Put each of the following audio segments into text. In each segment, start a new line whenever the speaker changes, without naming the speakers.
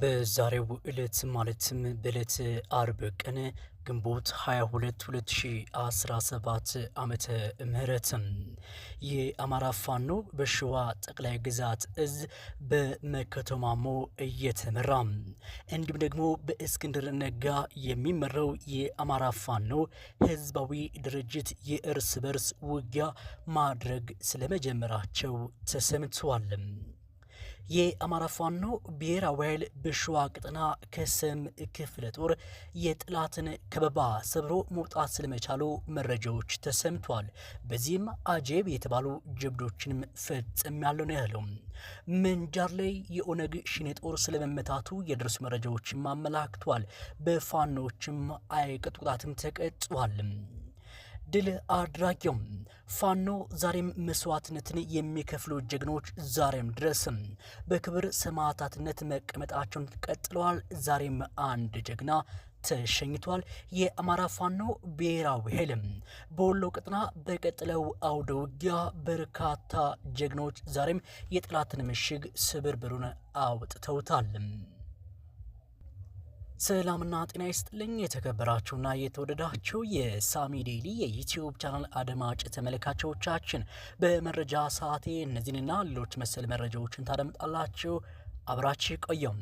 በዛሬው ዕለት ማለትም በዕለት አርብ ቀን ግንቦት 22 2017 ዓመተ ምህረትም የአማራ ፋኖ በሸዋ ጠቅላይ ግዛት እዝ በመከተማሞ እየተመራ እንዲሁም ደግሞ በእስክንድር ነጋ የሚመራው የአማራ ፋኖ ህዝባዊ ድርጅት የእርስ በርስ ውጊያ ማድረግ ስለመጀመራቸው ተሰምቷል። የአማራ ፋኖ ብሔራዊ ኃይል በሸዋ ቅጥና ከስም ክፍለ ጦር የጥላትን ከበባ ሰብሮ መውጣት ስለመቻሉ መረጃዎች ተሰምቷል። በዚህም አጀብ የተባሉ ጀብዶችንም ፈጽም ያለው ነው ያለው። ምንጃር ላይ የኦነግ ሽኔ ጦር ስለመመታቱ የደረሱ መረጃዎችም አመላክቷል። በፋኖዎችም አይቀጡ ቅጣትም ተቀጥቷል። ድል አድራጊውም ፋኖ ዛሬም መስዋዕትነትን የሚከፍሉ ጀግኖች ዛሬም ድረስም በክብር ሰማዕታትነት መቀመጣቸውን ቀጥለዋል። ዛሬም አንድ ጀግና ተሸኝቷል። የአማራ ፋኖ ብሔራዊ ኃይልም በወሎ ቅጥና በቀጥለው አውደ ውጊያ በርካታ ጀግኖች ዛሬም የጠላትን ምሽግ ስብርብሩን አውጥተውታል።
ሰላምና ጤና ይስጥልኝ የተከበራችሁና የተወደዳችሁ የሳሚ ዴይሊ የዩትዩብ ቻናል አድማጭ ተመልካቾቻችን፣ በመረጃ ሰዓቴ እነዚህንና ሌሎች መሰል መረጃዎችን ታደምጣላችሁ። አብራችሁ ቆየም።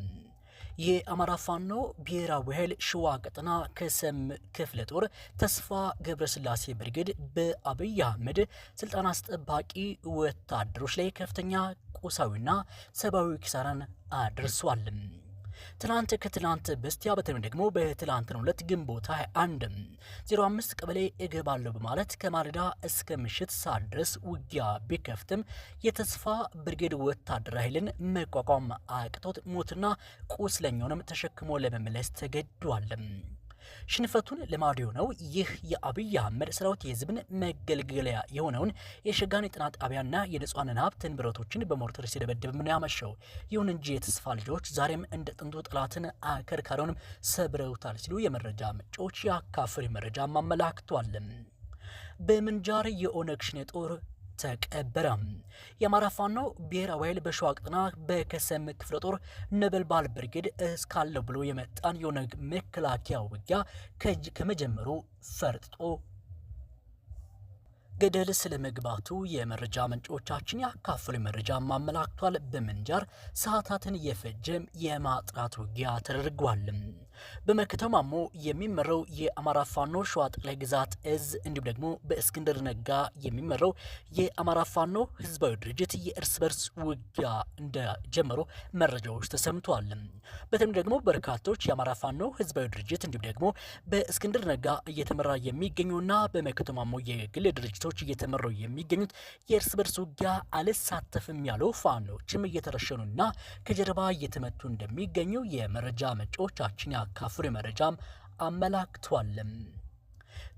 የአማራ ፋኖ ብሔራዊ ኃይል ሽዋ ቀጠና ከሰም ክፍለ ጦር ተስፋ ገብረስላሴ ብርግድ በአብይ አህመድ ስልጣን አስጠባቂ ወታደሮች ላይ ከፍተኛ ቁሳዊና ሰብአዊ ኪሳራን አድርሷል። ትናንት ከትናንት በስቲያ በተለይም ደግሞ በትናንትናው ዕለት ግንቦት 21 05 ቀበሌ እገባለሁ በማለት ከማለዳ እስከ ምሽት ሰዓት ድረስ ውጊያ ቢከፍትም የተስፋ ብርጌድ ወታደር ኃይልን መቋቋም አቅቶት ሞትና ቁስለኛውንም ተሸክሞ ለመመለስ ተገዷል። ሽንፈቱን ልማዱ የሆነው ይህ የአብይ አህመድ ሰራዊት የህዝብን መገልገለያ የሆነውን የሸጋን የጤና ጣቢያና የንጹሐንን ሀብት ንብረቶችን በሞርተር ሲደበድብም ነው ያመሸው። ይሁን እንጂ የተስፋ ልጆች ዛሬም እንደ ጥንቱ ጠላትን አከርካሪውንም ሰብረውታል ሲሉ የመረጃ ምንጮች የአካፍሪ መረጃም አመላክቷል። በምንጃር የኦነግ ሽኔ ጦር ተቀበረ። የአማራ ፋኖ ብሔራዊ ኃይል በሸዋ ቅጥና በከሰም ክፍለ ጦር ነበልባል ብርጌድ እስካለው ብሎ የመጣን የኦነግ መከላከያ ውጊያ ከእጅ ከመጀመሩ ፈርጥጦ ገደል ስለ መግባቱ የመረጃ ምንጮቻችን ያካፈሉ መረጃ ማመላክቷል። በምንጃር ሰዓታትን የፈጀም የማጥራት ውጊያ ተደርጓል። በመከተው ማሞ የሚመራው የአማራ ፋኖ ሸዋ ጠቅላይ ግዛት እዝ እንዲሁም ደግሞ በእስክንድር ነጋ የሚመራው የአማራ ፋኖ ህዝባዊ ድርጅት የእርስ በርስ ውጊያ እንደጀመሩ መረጃዎች ተሰምተዋል። በተለይም ደግሞ በርካቶች የአማራ ፋኖ ህዝባዊ ድርጅት እንዲሁም ደግሞ በእስክንድር ነጋ እየተመራ የሚገኙና በመከተው የግል ድርጅቶች እየተመራው የሚገኙት የእርስ በርስ ውጊያ አልሳተፍም ያለው ፋኖችም እየተረሸኑና ከጀርባ እየተመቱ እንደሚገኙ የመረጃ ምንጮቻችን የሚያካፍር መረጃም አመላክቷልም።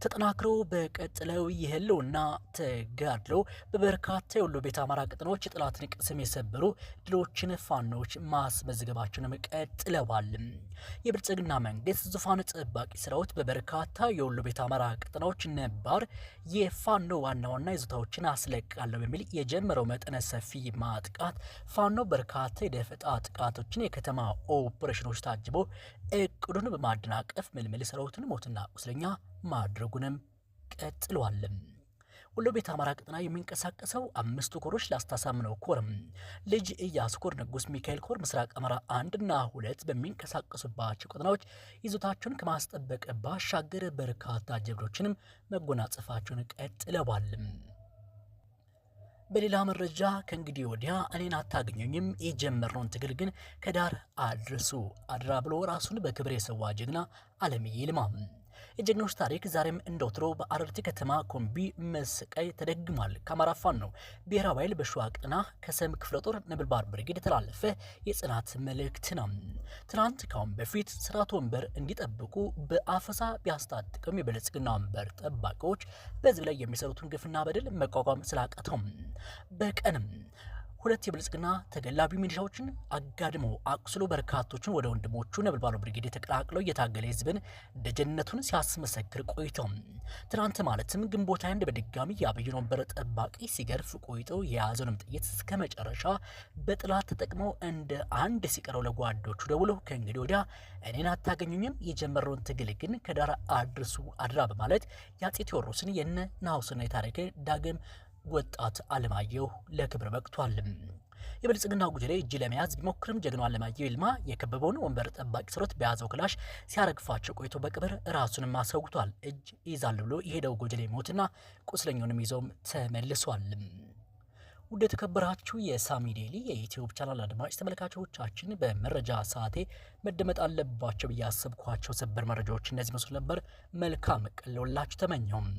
ተጠናክሮ በቀጥለው የህልውና ተጋድሎ በበርካታ የወሎ ቤት አማራ ቅጥኖች የጠላትን ቅስም የሰበሩ ድሎችን ፋኖች ማስመዝገባቸውንም ቀጥለዋል። የብልጽግና መንግስት ዙፋን ጠባቂ ሰራዊት በበርካታ የወሎ ቤት አማራ ቅጥኖች ነባር የፋኖ ዋና ዋና ይዞታዎችን አስለቃለሁ በሚል የጀመረው መጠነ ሰፊ ማጥቃት ፋኖ በርካታ የደፈጣ ጥቃቶችን የከተማ ኦፕሬሽኖች ታጅቦ እቅዱን በማደናቀፍ ምልምል ሰራዊትን ሞትና ቁስለኛ ማድ ማድረጉንም ቀጥሏልም። ወሎ ቤት አማራ ቀጠና የሚንቀሳቀሰው አምስቱ ኮሮች ላስታሳምነው ኮርም ልጅ እያስ ኮር፣ ንጉስ ሚካኤል ኮር፣ ምስራቅ አማራ አንድ እና ሁለት በሚንቀሳቀሱባቸው ቀጠናዎች ይዞታቸውን ከማስጠበቅ ባሻገር በርካታ ጀብዶችንም መጎናጸፋቸውን ቀጥለዋል። በሌላ መረጃ ከእንግዲህ ወዲያ እኔን አታገኘኝም፣ የጀመርነውን ትግል ግን ከዳር አድርሱ አድራ ብሎ ራሱን በክብር የሰዋ ጀግና አለምዬ ይልማ የጀግኖች ታሪክ ዛሬም እንደወትሮ በአረርቲ ከተማ ኮምቢ መስቀይ ተደግሟል። ከአማራ ፋኖ ነው ብሔራዊ ኃይል በሸዋ ቅጥና ከሰም ክፍለ ጦር ነበልባል ብርጌድ የተላለፈ የጽናት መልእክት ነው። ትናንት ካሁን በፊት ስርዓት ወንበር እንዲጠብቁ በአፈሳ ቢያስታጥቅም የብልጽግና ወንበር ጠባቂዎች በህዝብ ላይ የሚሰሩትን ግፍና በደል መቋቋም ስላቃተው በቀንም ሁለት የብልጽግና ተገላቢ ሚሊሻዎችን አጋድሞ አቁስሎ በርካቶችን ወደ ወንድሞቹ ነበልባሉ ብርጌድ የተቀላቅለው እየታገለ ህዝብን ደጀነቱን ሲያስመሰክር ቆይተው ትናንት ማለትም ግንቦት አንድ በድጋሚ የአብይ ወንበር ጠባቂ ሲገርፍ ቆይተው የያዘውንም ጥይት እስከ መጨረሻ በጥላት ተጠቅመው እንደ አንድ ሲቀረው ለጓዶቹ ደውለው ከእንግዲህ ወዲያ እኔን አታገኙኝም፣ የጀመረውን ትግል ግን ከዳር አድርሱ አድራ በማለት የአጼ ቴዎድሮስን የነ ናሁስና የታሪክ ዳግም ወጣት አለማየሁ ለክብር በቅቷል። የብልጽግና ጉጅሌ እጅ ለመያዝ ቢሞክርም ጀግናው አለማየሁ ይልማ የከበበውን ወንበር ጠባቂ ስሮት በያዘው ክላሽ ሲያረግፋቸው ቆይቶ በቅብር ራሱንም አሰውቷል። እጅ ይዛል ብሎ የሄደው ጉጅሌ ሞትና ቁስለኛውንም ይዘውም ተመልሷል። ውድ የተከበራችሁ የሳሚ ዴሊ የዩትዩብ ቻናል አድማጭ ተመልካቾቻችን በመረጃ ሰዓቴ መደመጥ አለባቸው ብዬ ሰበር መረጃዎች እነዚህ መስሉ ነበር። መልካም ቀን ለሁላችሁ ተመኘውም።